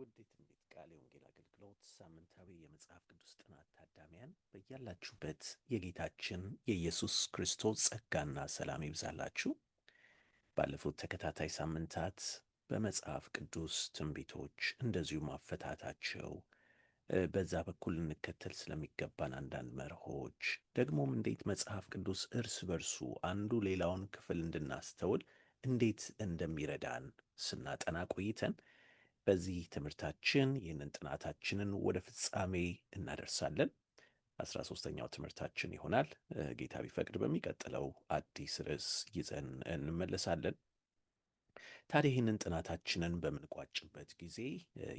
ውድ የትንቢት ቃል የወንጌል አገልግሎት ሳምንታዊ የመጽሐፍ ቅዱስ ጥናት ታዳሚያን በያላችሁበት የጌታችን የኢየሱስ ክርስቶስ ጸጋና ሰላም ይብዛላችሁ። ባለፉት ተከታታይ ሳምንታት በመጽሐፍ ቅዱስ ትንቢቶች እንደዚሁም አፈታታቸው፣ በዛ በኩል እንከተል ስለሚገባን አንዳንድ መርሆች፣ ደግሞም እንዴት መጽሐፍ ቅዱስ እርስ በርሱ አንዱ ሌላውን ክፍል እንድናስተውል እንዴት እንደሚረዳን ስናጠና ቆይተን በዚህ ትምህርታችን ይህንን ጥናታችንን ወደ ፍጻሜ እናደርሳለን። አስራ ሶስተኛው ትምህርታችን ይሆናል። ጌታ ቢፈቅድ በሚቀጥለው አዲስ ርዕስ ይዘን እንመለሳለን። ታዲያ ይህንን ጥናታችንን በምንቋጭበት ጊዜ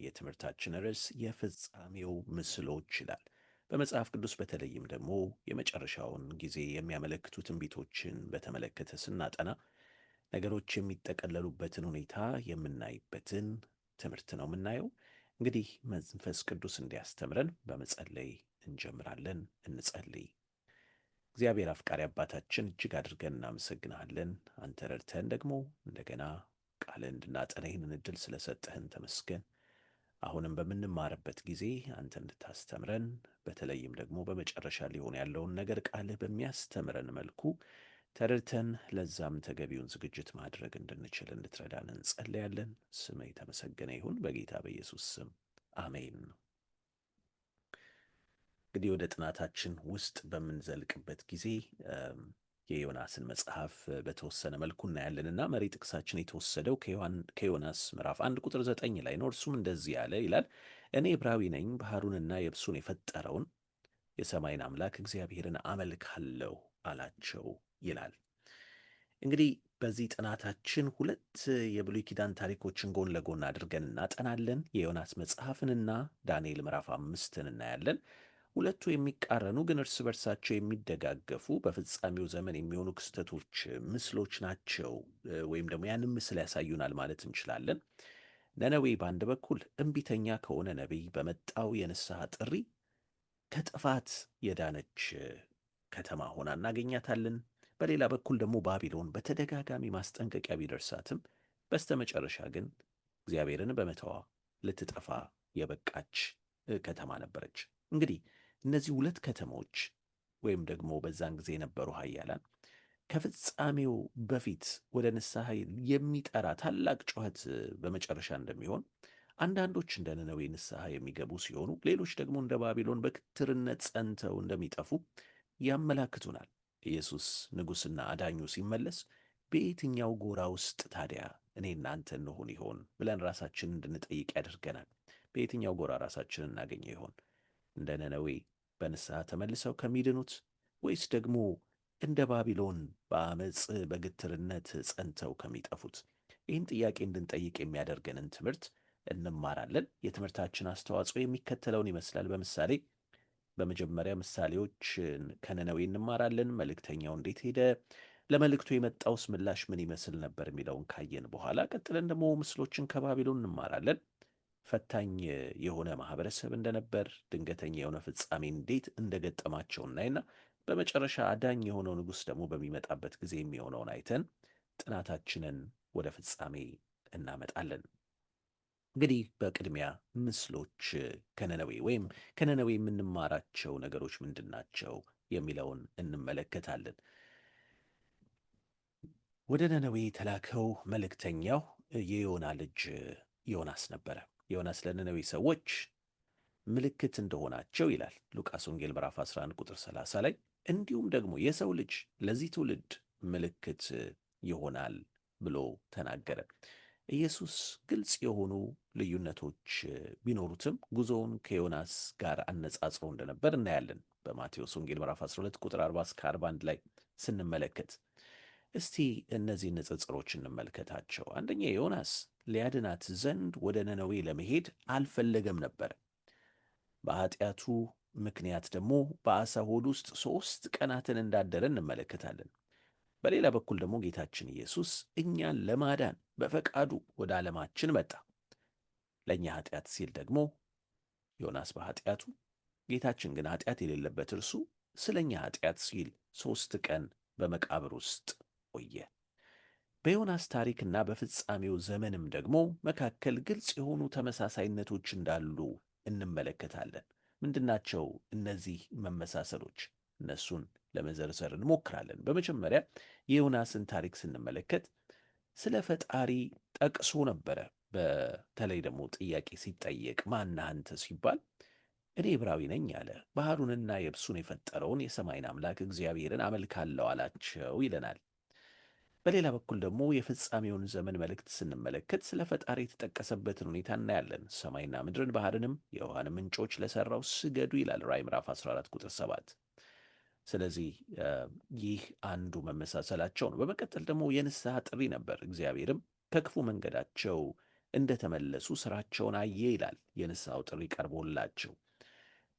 የትምህርታችን ርዕስ የፍጻሜው ምስሎች ይላል። በመጽሐፍ ቅዱስ በተለይም ደግሞ የመጨረሻውን ጊዜ የሚያመለክቱ ትንቢቶችን በተመለከተ ስናጠና ነገሮች የሚጠቀለሉበትን ሁኔታ የምናይበትን ትምህርት ነው የምናየው። እንግዲህ መንፈስ ቅዱስ እንዲያስተምረን በመጸለይ እንጀምራለን። እንጸልይ። እግዚአብሔር አፍቃሪ አባታችን እጅግ አድርገን እናመሰግናለን አንተ ረድተን ደግሞ እንደገና ቃል እንድናጠና ይህንን እድል ስለሰጠህን ተመስገን። አሁንም በምንማርበት ጊዜ አንተ እንድታስተምረን፣ በተለይም ደግሞ በመጨረሻ ሊሆን ያለውን ነገር ቃልህ በሚያስተምረን መልኩ ተረድተን ለዛም ተገቢውን ዝግጅት ማድረግ እንድንችል እንድትረዳን እንጸለያለን። ስም የተመሰገነ ይሁን በጌታ በኢየሱስ ስም አሜን። እንግዲህ ወደ ጥናታችን ውስጥ በምንዘልቅበት ጊዜ የዮናስን መጽሐፍ በተወሰነ መልኩ እናያለንና መሪ ጥቅሳችን የተወሰደው ከዮናስ ምዕራፍ አንድ ቁጥር ዘጠኝ ላይ ነው። እርሱም እንደዚህ ያለ ይላል፣ እኔ ዕብራዊ ነኝ፣ ባህሩንና የብሱን የፈጠረውን የሰማይን አምላክ እግዚአብሔርን አመልካለሁ አላቸው ይላል። እንግዲህ በዚህ ጥናታችን ሁለት የብሉይ ኪዳን ታሪኮችን ጎን ለጎን አድርገን እናጠናለን። የዮናስ መጽሐፍንና ዳንኤል ምዕራፍ አምስትን እናያለን። ሁለቱ የሚቃረኑ ግን እርስ በርሳቸው የሚደጋገፉ በፍጻሜው ዘመን የሚሆኑ ክስተቶች ምስሎች ናቸው፣ ወይም ደግሞ ያንን ምስል ያሳዩናል ማለት እንችላለን። ነነዌ በአንድ በኩል እምቢተኛ ከሆነ ነቢይ በመጣው የንስሐ ጥሪ ከጥፋት የዳነች ከተማ ሆና እናገኛታለን። በሌላ በኩል ደግሞ ባቢሎን በተደጋጋሚ ማስጠንቀቂያ ቢደርሳትም በስተመጨረሻ ግን እግዚአብሔርን በመተዋ ልትጠፋ የበቃች ከተማ ነበረች። እንግዲህ እነዚህ ሁለት ከተሞች ወይም ደግሞ በዛን ጊዜ የነበሩ ኃያላን ከፍጻሜው በፊት ወደ ንስሐ የሚጠራ ታላቅ ጩኸት በመጨረሻ እንደሚሆን አንዳንዶች እንደ ነነዌ ንስሐ የሚገቡ ሲሆኑ፣ ሌሎች ደግሞ እንደ ባቢሎን በክትርነት ጸንተው እንደሚጠፉ ያመላክቱናል። ኢየሱስ ንጉሥና አዳኙ ሲመለስ በየትኛው ጎራ ውስጥ ታዲያ እኔ እናንተ እንሆን ይሆን ብለን ራሳችንን እንድንጠይቅ ያደርገናል። በየትኛው ጎራ ራሳችን እናገኘ ይሆን? እንደ ነነዌ በንስሐ ተመልሰው ከሚድኑት ወይስ ደግሞ እንደ ባቢሎን በአመፅ በግትርነት ጸንተው ከሚጠፉት? ይህን ጥያቄ እንድንጠይቅ የሚያደርገንን ትምህርት እንማራለን። የትምህርታችን አስተዋጽኦ የሚከተለውን ይመስላል። በምሳሌ በመጀመሪያ ምሳሌዎች ከነነዌ እንማራለን። መልእክተኛው እንዴት ሄደ? ለመልእክቱ የመጣውስ ምላሽ ምን ይመስል ነበር? የሚለውን ካየን በኋላ ቀጥለን ደግሞ ምስሎችን ከባቢሎን እንማራለን። ፈታኝ የሆነ ማህበረሰብ እንደነበር፣ ድንገተኛ የሆነ ፍጻሜ እንዴት እንደገጠማቸው እናይና በመጨረሻ አዳኝ የሆነው ንጉሥ ደግሞ በሚመጣበት ጊዜ የሚሆነውን አይተን ጥናታችንን ወደ ፍጻሜ እናመጣለን። እንግዲህ በቅድሚያ ምስሎች ከነነዌ ወይም ከነነዌ የምንማራቸው ነገሮች ምንድን ናቸው የሚለውን እንመለከታለን። ወደ ነነዌ የተላከው መልእክተኛው የዮና ልጅ ዮናስ ነበረ። ዮናስ ለነነዌ ሰዎች ምልክት እንደሆናቸው ይላል ሉቃስ ወንጌል ምዕራፍ 11 ቁጥር 30 ላይ። እንዲሁም ደግሞ የሰው ልጅ ለዚህ ትውልድ ምልክት ይሆናል ብሎ ተናገረ። ኢየሱስ ግልጽ የሆኑ ልዩነቶች ቢኖሩትም ጉዞውን ከዮናስ ጋር አነጻጽሮ እንደነበር እናያለን። በማቴዎስ ወንጌል ምዕራፍ 12 ቁጥር 40 እስከ 41 ላይ ስንመለከት እስቲ እነዚህ ንጽጽሮች እንመልከታቸው። አንደኛ ዮናስ ሊያድናት ዘንድ ወደ ነነዌ ለመሄድ አልፈለገም ነበር። በኃጢአቱ ምክንያት ደግሞ በአሳ ሆድ ውስጥ ሦስት ቀናትን እንዳደረ እንመለከታለን። በሌላ በኩል ደግሞ ጌታችን ኢየሱስ እኛን ለማዳን በፈቃዱ ወደ ዓለማችን መጣ። ለእኛ ኃጢአት ሲል ደግሞ ዮናስ በኃጢአቱ ጌታችን ግን ኃጢአት የሌለበት እርሱ ስለ እኛ ኃጢአት ሲል ሦስት ቀን በመቃብር ውስጥ ቆየ። በዮናስ ታሪክና በፍጻሜው ዘመንም ደግሞ መካከል ግልጽ የሆኑ ተመሳሳይነቶች እንዳሉ እንመለከታለን። ምንድናቸው እነዚህ መመሳሰሎች? እነሱን ለመዘርዘር እንሞክራለን። በመጀመሪያ የዮናስን ታሪክ ስንመለከት ስለ ፈጣሪ ጠቅሶ ነበረ። በተለይ ደግሞ ጥያቄ ሲጠየቅ ማነህ አንተ ሲባል እኔ ዕብራዊ ነኝ አለ። ባህሩንና የብሱን የፈጠረውን የሰማይን አምላክ እግዚአብሔርን አመልካለሁ አላቸው ይለናል። በሌላ በኩል ደግሞ የፍጻሜውን ዘመን መልእክት ስንመለከት ስለ ፈጣሪ የተጠቀሰበትን ሁኔታ እናያለን። ሰማይና ምድርን፣ ባህርንም የውሃን ምንጮች ለሠራው ስገዱ ይላል ራዕይ ምዕራፍ 14 ቁጥር 7 ስለዚህ ይህ አንዱ መመሳሰላቸው ነው። በመቀጠል ደግሞ የንስሐ ጥሪ ነበር። እግዚአብሔርም ከክፉ መንገዳቸው እንደተመለሱ ስራቸውን አየ ይላል። የንስሐው ጥሪ ቀርቦላቸው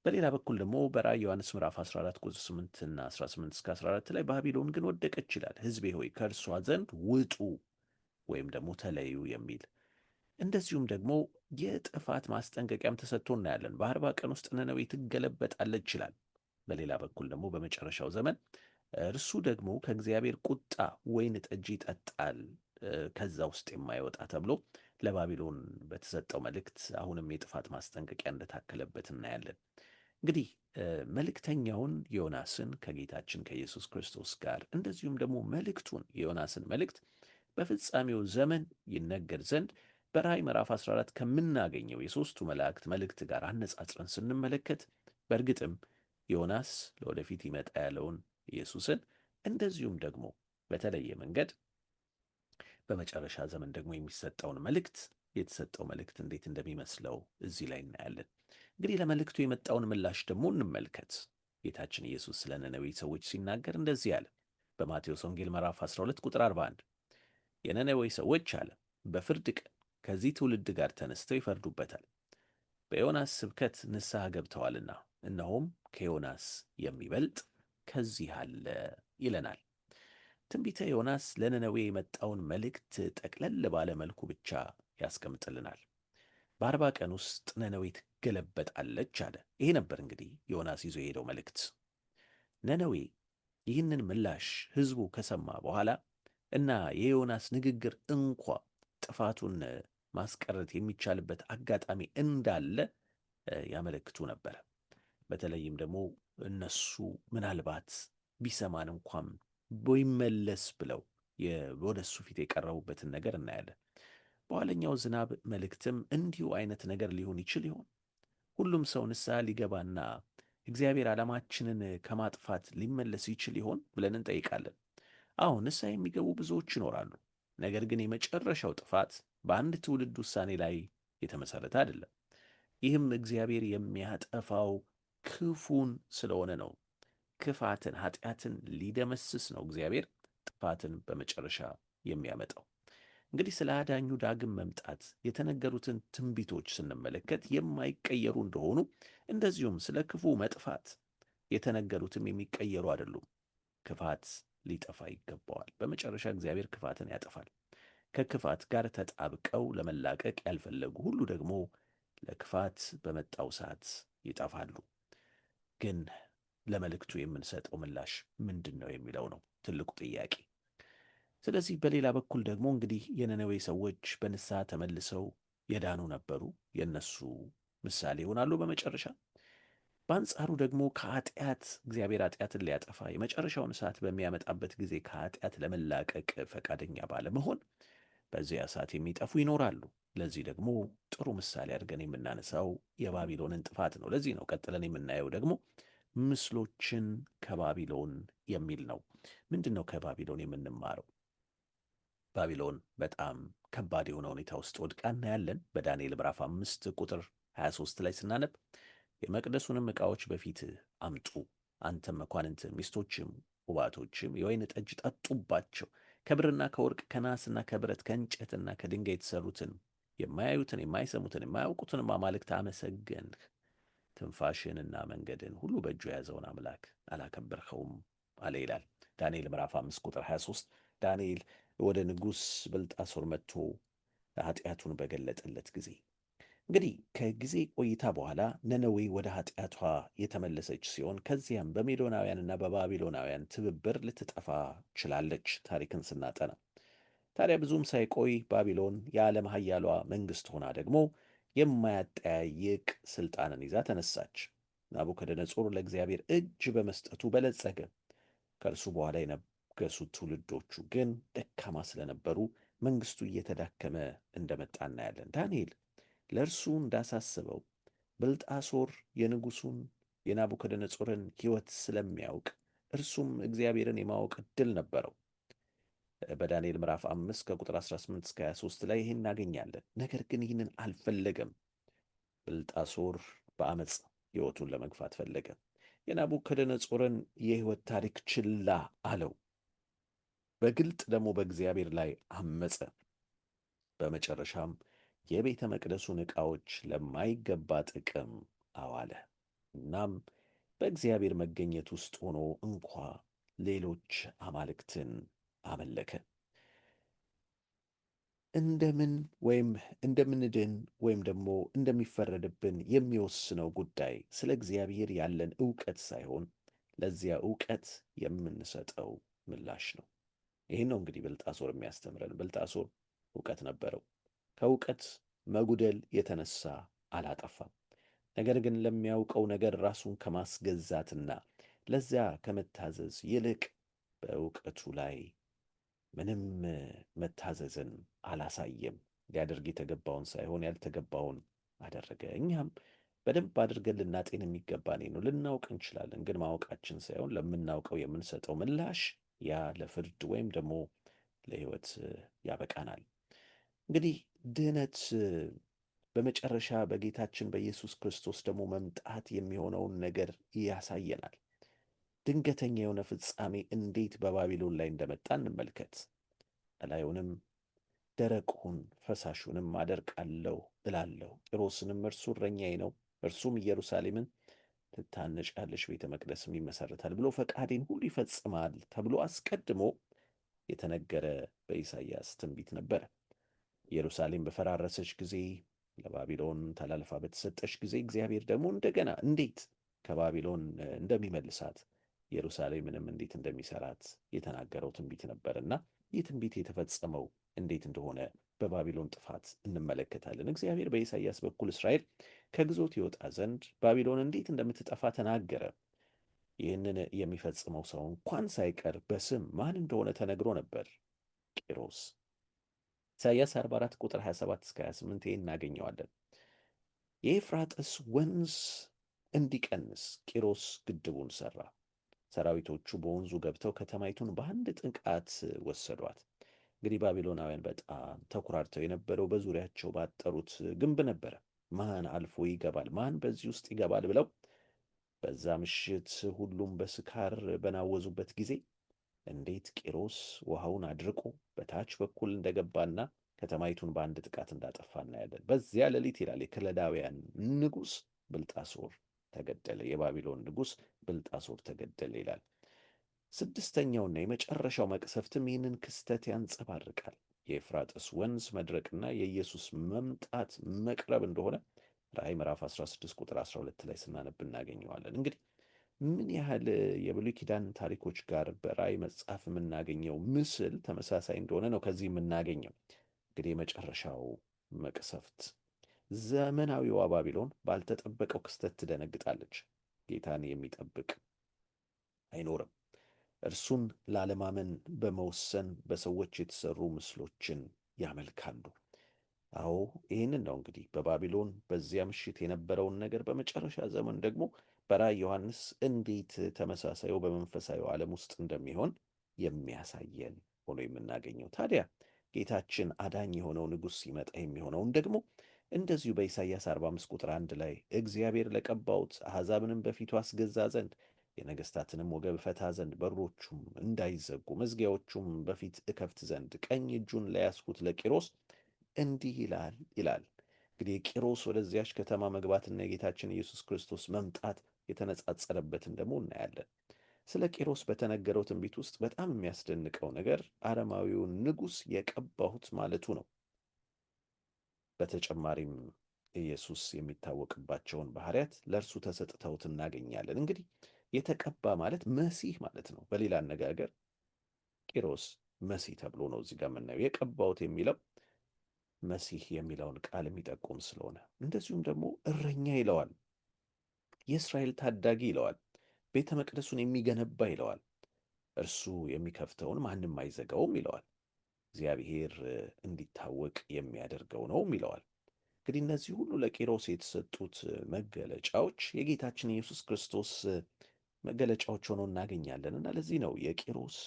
በሌላ በኩል ደግሞ በራዕይ ዮሐንስ ምዕራፍ 14 ቁጥር 8 እና 18 እስከ 14 ላይ ባቢሎን ግን ወደቀች ይላል። ሕዝቤ ሆይ ከእርሷ ዘንድ ውጡ ወይም ደግሞ ተለዩ የሚል እንደዚሁም ደግሞ የጥፋት ማስጠንቀቂያም ተሰጥቶ እናያለን። በአርባ ቀን ውስጥ ነነዌ ትገለበጣለች ይላል። በሌላ በኩል ደግሞ በመጨረሻው ዘመን እርሱ ደግሞ ከእግዚአብሔር ቁጣ ወይን ጠጅ ይጠጣል ከዛ ውስጥ የማይወጣ ተብሎ ለባቢሎን በተሰጠው መልእክት አሁንም የጥፋት ማስጠንቀቂያ እንደታከለበት እናያለን። እንግዲህ መልእክተኛውን ዮናስን ከጌታችን ከኢየሱስ ክርስቶስ ጋር እንደዚሁም ደግሞ መልእክቱን የዮናስን መልእክት በፍጻሜው ዘመን ይነገር ዘንድ በራእይ ምዕራፍ 14 ከምናገኘው የሦስቱ መላእክት መልእክት ጋር አነጻጽረን ስንመለከት በእርግጥም ዮናስ ለወደፊት ይመጣ ያለውን ኢየሱስን እንደዚሁም ደግሞ በተለየ መንገድ በመጨረሻ ዘመን ደግሞ የሚሰጠውን መልእክት የተሰጠው መልእክት እንዴት እንደሚመስለው እዚህ ላይ እናያለን። እንግዲህ ለመልእክቱ የመጣውን ምላሽ ደግሞ እንመልከት። ጌታችን ኢየሱስ ስለ ነነዌ ሰዎች ሲናገር እንደዚህ አለ። በማቴዎስ ወንጌል ምዕራፍ 12 ቁጥር 41 የነነዌ ሰዎች አለ በፍርድ ቀን ከዚህ ትውልድ ጋር ተነስተው ይፈርዱበታል፣ በዮናስ ስብከት ንስሐ ገብተዋልና እነሆም ከዮናስ የሚበልጥ ከዚህ አለ ይለናል። ትንቢተ ዮናስ ለነነዌ የመጣውን መልእክት ጠቅለል ባለ መልኩ ብቻ ያስቀምጥልናል። በአርባ ቀን ውስጥ ነነዌ ትገለበጣለች አለ። ይሄ ነበር እንግዲህ ዮናስ ይዞ የሄደው መልእክት። ነነዌ ይህንን ምላሽ ሕዝቡ ከሰማ በኋላ እና የዮናስ ንግግር እንኳ ጥፋቱን ማስቀረት የሚቻልበት አጋጣሚ እንዳለ ያመለክቱ ነበረ። በተለይም ደግሞ እነሱ ምናልባት ቢሰማን እንኳን ወይመለስ ብለው ወደ እሱ ፊት የቀረቡበትን ነገር እናያለን። በኋለኛው ዝናብ መልእክትም እንዲሁ አይነት ነገር ሊሆን ይችል ይሆን? ሁሉም ሰው ንስሐ ሊገባና እግዚአብሔር ዓላማችንን ከማጥፋት ሊመለስ ይችል ይሆን ብለን እንጠይቃለን። አዎ ንስሐ የሚገቡ ብዙዎች ይኖራሉ። ነገር ግን የመጨረሻው ጥፋት በአንድ ትውልድ ውሳኔ ላይ የተመሰረተ አይደለም። ይህም እግዚአብሔር የሚያጠፋው ክፉን ስለሆነ ነው። ክፋትን፣ ኃጢአትን ሊደመስስ ነው እግዚአብሔር ጥፋትን በመጨረሻ የሚያመጣው። እንግዲህ ስለ አዳኙ ዳግም መምጣት የተነገሩትን ትንቢቶች ስንመለከት የማይቀየሩ እንደሆኑ እንደዚሁም ስለ ክፉ መጥፋት የተነገሩትም የሚቀየሩ አይደሉም። ክፋት ሊጠፋ ይገባዋል። በመጨረሻ እግዚአብሔር ክፋትን ያጠፋል። ከክፋት ጋር ተጣብቀው ለመላቀቅ ያልፈለጉ ሁሉ ደግሞ ለክፋት በመጣው ሰዓት ይጠፋሉ። ግን ለመልእክቱ የምንሰጠው ምላሽ ምንድን ነው የሚለው ነው ትልቁ ጥያቄ። ስለዚህ በሌላ በኩል ደግሞ እንግዲህ የነነዌ ሰዎች በንስሐ ተመልሰው የዳኑ ነበሩ፣ የእነሱ ምሳሌ ይሆናሉ በመጨረሻ። በአንጻሩ ደግሞ ከኃጢአት እግዚአብሔር ኃጢአትን ሊያጠፋ የመጨረሻውን ሰዓት በሚያመጣበት ጊዜ ከኃጢአት ለመላቀቅ ፈቃደኛ ባለመሆን በዚያ ሰዓት የሚጠፉ ይኖራሉ። ለዚህ ደግሞ ጥሩ ምሳሌ አድርገን የምናነሳው የባቢሎንን ጥፋት ነው። ለዚህ ነው ቀጥለን የምናየው ደግሞ ምስሎችን ከባቢሎን የሚል ነው። ምንድን ነው ከባቢሎን የምንማረው? ባቢሎን በጣም ከባድ የሆነ ሁኔታ ውስጥ ወድቃ እናያለን። በዳንኤል ምዕራፍ አምስት ቁጥር 23 ላይ ስናነብ የመቅደሱንም ዕቃዎች በፊት አምጡ፣ አንተም መኳንንት፣ ሚስቶችም፣ ውባቶችም የወይን ጠጅ ጠጡባቸው፣ ከብርና ከወርቅ ከናስና ከብረት ከእንጨትና ከድንጋይ የተሰሩትን የማያዩትን የማይሰሙትን የማያውቁትን አማልክት አመሰገንህ። ትንፋሽንና መንገድን ሁሉ በእጁ የያዘውን አምላክ አላከበርኸውም አለ ይላል ዳንኤል ምዕራፍ 5 ቁጥር 23። ዳንኤል ወደ ንጉሥ ብልጣሶር መጥቶ ኃጢአቱን በገለጠለት ጊዜ እንግዲህ ከጊዜ ቆይታ በኋላ ነነዌ ወደ ኃጢአቷ የተመለሰች ሲሆን ከዚያም በሜዶናውያንና በባቢሎናውያን ትብብር ልትጠፋ ችላለች። ታሪክን ስናጠና ታዲያ ብዙም ሳይቆይ ባቢሎን የዓለም ሀያሏ መንግሥት ሆና ደግሞ የማያጠያይቅ ስልጣንን ይዛ ተነሳች። ናቡከደነጾር ለእግዚአብሔር እጅ በመስጠቱ በለጸገ። ከእርሱ በኋላ የነገሱት ትውልዶቹ ግን ደካማ ስለነበሩ መንግሥቱ እየተዳከመ እንደመጣ እናያለን። ዳንኤል ለእርሱ እንዳሳስበው ብልጣሶር የንጉሡን የናቡከደነጾርን ሕይወት ስለሚያውቅ እርሱም እግዚአብሔርን የማወቅ ዕድል ነበረው። በዳንኤል ምዕራፍ 5 ከቁጥር 18 እስከ 23 ላይ ይህን እናገኛለን። ነገር ግን ይህንን አልፈለገም። ብልጣሶር በአመፅ ሕይወቱን ለመግፋት ፈለገ። የናቡከደነጾርን የሕይወት ታሪክ ችላ አለው። በግልጥ ደግሞ በእግዚአብሔር ላይ አመፀ። በመጨረሻም የቤተ መቅደሱን ዕቃዎች ለማይገባ ጥቅም አዋለ። እናም በእግዚአብሔር መገኘት ውስጥ ሆኖ እንኳ ሌሎች አማልክትን አመለከ። እንደምን ወይም እንደምንድን ወይም ደግሞ እንደሚፈረድብን የሚወስነው ጉዳይ ስለ እግዚአብሔር ያለን እውቀት ሳይሆን ለዚያ እውቀት የምንሰጠው ምላሽ ነው። ይህን ነው እንግዲህ ብልጣሶር የሚያስተምረን። ብልጣሶር እውቀት ነበረው። ከእውቀት መጉደል የተነሳ አላጠፋም። ነገር ግን ለሚያውቀው ነገር ራሱን ከማስገዛትና ለዚያ ከመታዘዝ ይልቅ በእውቀቱ ላይ ምንም መታዘዝን አላሳየም። ሊያደርግ የተገባውን ሳይሆን ያልተገባውን አደረገ። እኛም በደንብ አድርገን ልናጤን የሚገባን ነው። ልናውቅ እንችላለን፣ ግን ማወቃችን ሳይሆን ለምናውቀው የምንሰጠው ምላሽ ያ ለፍርድ ወይም ደግሞ ለሕይወት ያበቃናል። እንግዲህ ድህነት በመጨረሻ በጌታችን በኢየሱስ ክርስቶስ ደግሞ መምጣት የሚሆነውን ነገር ያሳየናል። ድንገተኛ የሆነ ፍጻሜ እንዴት በባቢሎን ላይ እንደመጣ እንመልከት። ቀላዩንም ደረቁን ፈሳሹንም አደርቃለሁ እላለሁ፣ ጢሮስንም እርሱ እረኛዬ ነው፣ እርሱም ኢየሩሳሌምን ትታነጫለሽ፣ ቤተ መቅደስም ይመሰረታል ብሎ ፈቃዴን ሁሉ ይፈጽማል ተብሎ አስቀድሞ የተነገረ በኢሳይያስ ትንቢት ነበረ። ኢየሩሳሌም በፈራረሰች ጊዜ ለባቢሎን ተላልፋ በተሰጠች ጊዜ እግዚአብሔር ደግሞ እንደገና እንዴት ከባቢሎን እንደሚመልሳት ኢየሩሳሌምንም እንዴት እንደሚሰራት የተናገረው ትንቢት ነበር እና ይህ ትንቢት የተፈጸመው እንዴት እንደሆነ በባቢሎን ጥፋት እንመለከታለን። እግዚአብሔር በኢሳይያስ በኩል እስራኤል ከግዞት ይወጣ ዘንድ ባቢሎን እንዴት እንደምትጠፋ ተናገረ። ይህንን የሚፈጽመው ሰው እንኳን ሳይቀር በስም ማን እንደሆነ ተነግሮ ነበር፣ ቂሮስ ኢሳያስ 44 ቁጥር 27 እስከ 28 እናገኘዋለን። የኤፍራጥስ ወንዝ እንዲቀንስ ቂሮስ ግድቡን ሰራ። ሰራዊቶቹ በወንዙ ገብተው ከተማይቱን በአንድ ጥቃት ወሰዷት። እንግዲህ ባቢሎናውያን በጣም ተኩራርተው የነበረው በዙሪያቸው ባጠሩት ግንብ ነበረ። ማን አልፎ ይገባል? ማን በዚህ ውስጥ ይገባል? ብለው በዛ ምሽት ሁሉም በስካር በናወዙበት ጊዜ እንዴት ቂሮስ ውሃውን አድርቆ በታች በኩል እንደገባና ከተማይቱን በአንድ ጥቃት እንዳጠፋ እናያለን። በዚያ ሌሊት ይላል የከለዳውያን ንጉሥ ብልጣሶር ተገደለ፣ የባቢሎን ንጉሥ ብልጣሶር ተገደለ ይላል። ስድስተኛውና የመጨረሻው መቅሰፍትም ይህንን ክስተት ያንጸባርቃል። የኤፍራጥስ ወንዝ መድረቅና የኢየሱስ መምጣት መቅረብ እንደሆነ ራእይ ምዕራፍ 16 ቁጥር 12 ላይ ስናነብ እናገኘዋለን። እንግዲህ ምን ያህል የብሉይ ኪዳን ታሪኮች ጋር በራእይ መጽሐፍ የምናገኘው ምስል ተመሳሳይ እንደሆነ ነው ከዚህ የምናገኘው። እንግዲህ የመጨረሻው መቅሰፍት ዘመናዊዋ ባቢሎን ባልተጠበቀው ክስተት ትደነግጣለች። ጌታን የሚጠብቅ አይኖርም። እርሱን ላለማመን በመወሰን በሰዎች የተሰሩ ምስሎችን ያመልካሉ። አዎ ይህንን ነው እንግዲህ በባቢሎን በዚያ ምሽት የነበረውን ነገር በመጨረሻ ዘመን ደግሞ በራዕይ ዮሐንስ እንዴት ተመሳሳዩ በመንፈሳዊ ዓለም ውስጥ እንደሚሆን የሚያሳየን ሆኖ የምናገኘው ታዲያ ጌታችን አዳኝ የሆነው ንጉሥ ሲመጣ የሚሆነውን ደግሞ እንደዚሁ በኢሳይያስ 45 ቁጥር 1 ላይ እግዚአብሔር ለቀባውት አሕዛብንም በፊቱ አስገዛ ዘንድ የነገሥታትንም ወገብ ፈታ ዘንድ በሮቹም እንዳይዘጉ መዝጊያዎቹም በፊት እከፍት ዘንድ ቀኝ እጁን ለያዝኩት ለቂሮስ እንዲህ ይላል ይላል። እንግዲህ ቂሮስ ወደዚያች ከተማ መግባትና የጌታችን ኢየሱስ ክርስቶስ መምጣት የተነጻጸረበትን ደግሞ እናያለን። ስለ ቂሮስ በተነገረው ትንቢት ውስጥ በጣም የሚያስደንቀው ነገር አረማዊውን ንጉሥ የቀባሁት ማለቱ ነው። በተጨማሪም ኢየሱስ የሚታወቅባቸውን ባህሪያት ለእርሱ ተሰጥተውት እናገኛለን። እንግዲህ የተቀባ ማለት መሲህ ማለት ነው። በሌላ አነጋገር ቂሮስ መሲህ ተብሎ ነው እዚህ ጋር የምናየው። የቀባሁት የሚለው መሲህ የሚለውን ቃል የሚጠቁም ስለሆነ እንደዚሁም ደግሞ እረኛ ይለዋል። የእስራኤል ታዳጊ ይለዋል፣ ቤተ መቅደሱን የሚገነባ ይለዋል፣ እርሱ የሚከፍተውን ማንም አይዘጋውም ይለዋል፣ እግዚአብሔር እንዲታወቅ የሚያደርገው ነውም ይለዋል። እንግዲህ እነዚህ ሁሉ ለቂሮስ የተሰጡት መገለጫዎች የጌታችን ኢየሱስ ክርስቶስ መገለጫዎች ሆኖ እናገኛለን እና ለዚህ ነው የቂሮስ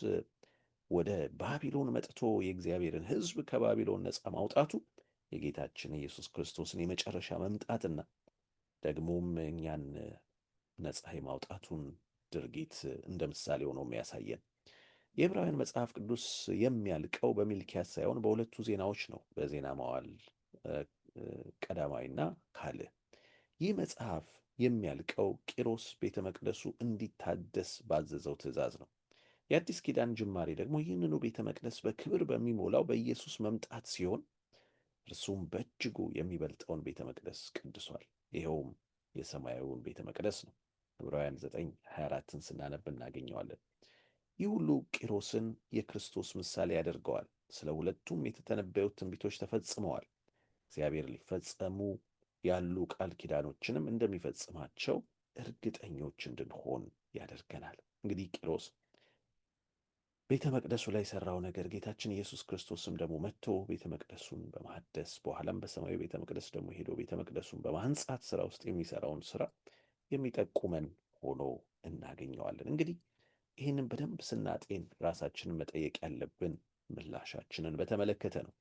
ወደ ባቢሎን መጥቶ የእግዚአብሔርን ሕዝብ ከባቢሎን ነፃ ማውጣቱ የጌታችን ኢየሱስ ክርስቶስን የመጨረሻ መምጣትና ደግሞም እኛን ነጻ የማውጣቱን ድርጊት እንደ ምሳሌ ሆኖ የሚያሳየን የዕብራውያን መጽሐፍ ቅዱስ የሚያልቀው በሚልኪያስ ሳይሆን በሁለቱ ዜናዎች ነው። በዜና መዋል ቀዳማዊና ካልህ ይህ መጽሐፍ የሚያልቀው ቂሮስ ቤተ መቅደሱ እንዲታደስ ባዘዘው ትእዛዝ ነው። የአዲስ ኪዳን ጅማሬ ደግሞ ይህንኑ ቤተ መቅደስ በክብር በሚሞላው በኢየሱስ መምጣት ሲሆን እርሱም በእጅጉ የሚበልጠውን ቤተ መቅደስ ቀድሷል። ይኸውም የሰማያዊውን ቤተ መቅደስ ነው። ዕብራውያን 9:24ን ስናነብ እናገኘዋለን። ይህ ሁሉ ቂሮስን የክርስቶስ ምሳሌ ያደርገዋል። ስለ ሁለቱም የተተነበዩት ትንቢቶች ተፈጽመዋል። እግዚአብሔር ሊፈጸሙ ያሉ ቃል ኪዳኖችንም እንደሚፈጽማቸው እርግጠኞች እንድንሆን ያደርገናል። እንግዲህ ቂሮስ ቤተ መቅደሱ ላይ የሰራው ነገር ጌታችን ኢየሱስ ክርስቶስም ደግሞ መጥቶ ቤተ መቅደሱን በማደስ በኋላም በሰማያዊ ቤተ መቅደስ ደግሞ ሄዶ ቤተ መቅደሱን በማንጻት ስራ ውስጥ የሚሰራውን ስራ የሚጠቁመን ሆኖ እናገኘዋለን። እንግዲህ ይህንን በደንብ ስናጤን ራሳችንን መጠየቅ ያለብን ምላሻችንን በተመለከተ ነው።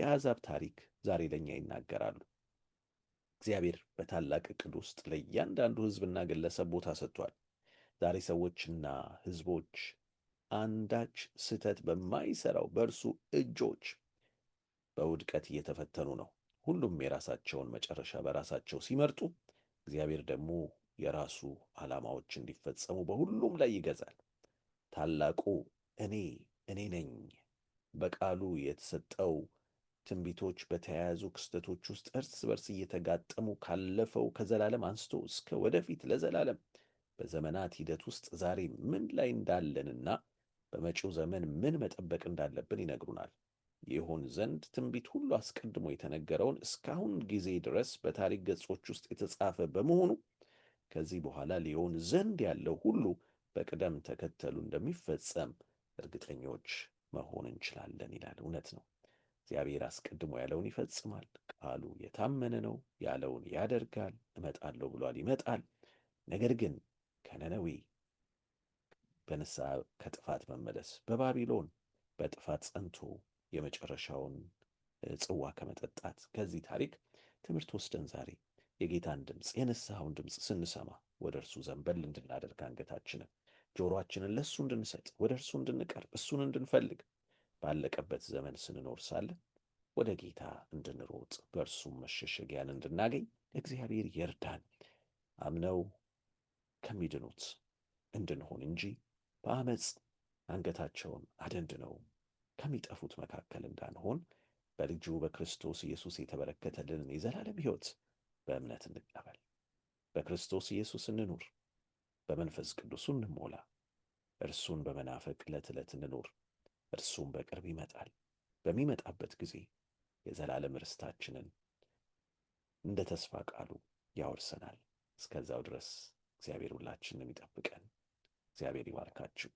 የአሕዛብ ታሪክ ዛሬ ለእኛ ይናገራሉ። እግዚአብሔር በታላቅ እቅድ ውስጥ ለእያንዳንዱ ሕዝብና ግለሰብ ቦታ ሰጥቷል። ዛሬ ሰዎችና ሕዝቦች አንዳች ስህተት በማይሰራው በእርሱ እጆች በውድቀት እየተፈተኑ ነው። ሁሉም የራሳቸውን መጨረሻ በራሳቸው ሲመርጡ፣ እግዚአብሔር ደግሞ የራሱ ዓላማዎች እንዲፈጸሙ በሁሉም ላይ ይገዛል። ታላቁ እኔ እኔ ነኝ በቃሉ የተሰጠው ትንቢቶች በተያያዙ ክስተቶች ውስጥ እርስ በርስ እየተጋጠሙ ካለፈው ከዘላለም አንስቶ እስከ ወደፊት ለዘላለም በዘመናት ሂደት ውስጥ ዛሬ ምን ላይ እንዳለንና በመጪው ዘመን ምን መጠበቅ እንዳለብን ይነግሩናል። ይሁን ዘንድ ትንቢት ሁሉ አስቀድሞ የተነገረውን እስካሁን ጊዜ ድረስ በታሪክ ገጾች ውስጥ የተጻፈ በመሆኑ ከዚህ በኋላ ሊሆን ዘንድ ያለው ሁሉ በቅደም ተከተሉ እንደሚፈጸም እርግጠኞች መሆን እንችላለን ይላል። እውነት ነው። እግዚአብሔር አስቀድሞ ያለውን ይፈጽማል። ቃሉ የታመነ ነው። ያለውን ያደርጋል። እመጣለሁ ብሏል፣ ይመጣል። ነገር ግን ከነነዌ በንስሐ ከጥፋት መመለስ በባቢሎን በጥፋት ጸንቶ የመጨረሻውን ጽዋ ከመጠጣት ከዚህ ታሪክ ትምህርት ወስደን ዛሬ የጌታን ድምፅ የንስሐውን ድምፅ ስንሰማ ወደ እርሱ ዘንበል እንድናደርግ አንገታችንን ጆሮአችንን ለእሱ እንድንሰጥ ወደ እርሱ እንድንቀርብ እሱን እንድንፈልግ ባለቀበት ዘመን ስንኖር ሳለ ወደ ጌታ እንድንሮጥ በእርሱም መሸሸጊያን እንድናገኝ እግዚአብሔር ይርዳን። አምነው ከሚድኑት እንድንሆን እንጂ በአመፅ አንገታቸውን አደንድነው ከሚጠፉት መካከል እንዳንሆን በልጁ በክርስቶስ ኢየሱስ የተበረከተልንን የዘላለም ሕይወት በእምነት እንቀበል። በክርስቶስ ኢየሱስ እንኑር። በመንፈስ ቅዱሱ እንሞላ። እርሱን በመናፈቅ ዕለት ዕለት እንኑር። እርሱም በቅርብ ይመጣል። በሚመጣበት ጊዜ የዘላለም ርስታችንን እንደ ተስፋ ቃሉ ያወርሰናል። እስከዛው ድረስ እግዚአብሔር ሁላችን ይጠብቀን። እግዚአብሔር ይባርካችሁ።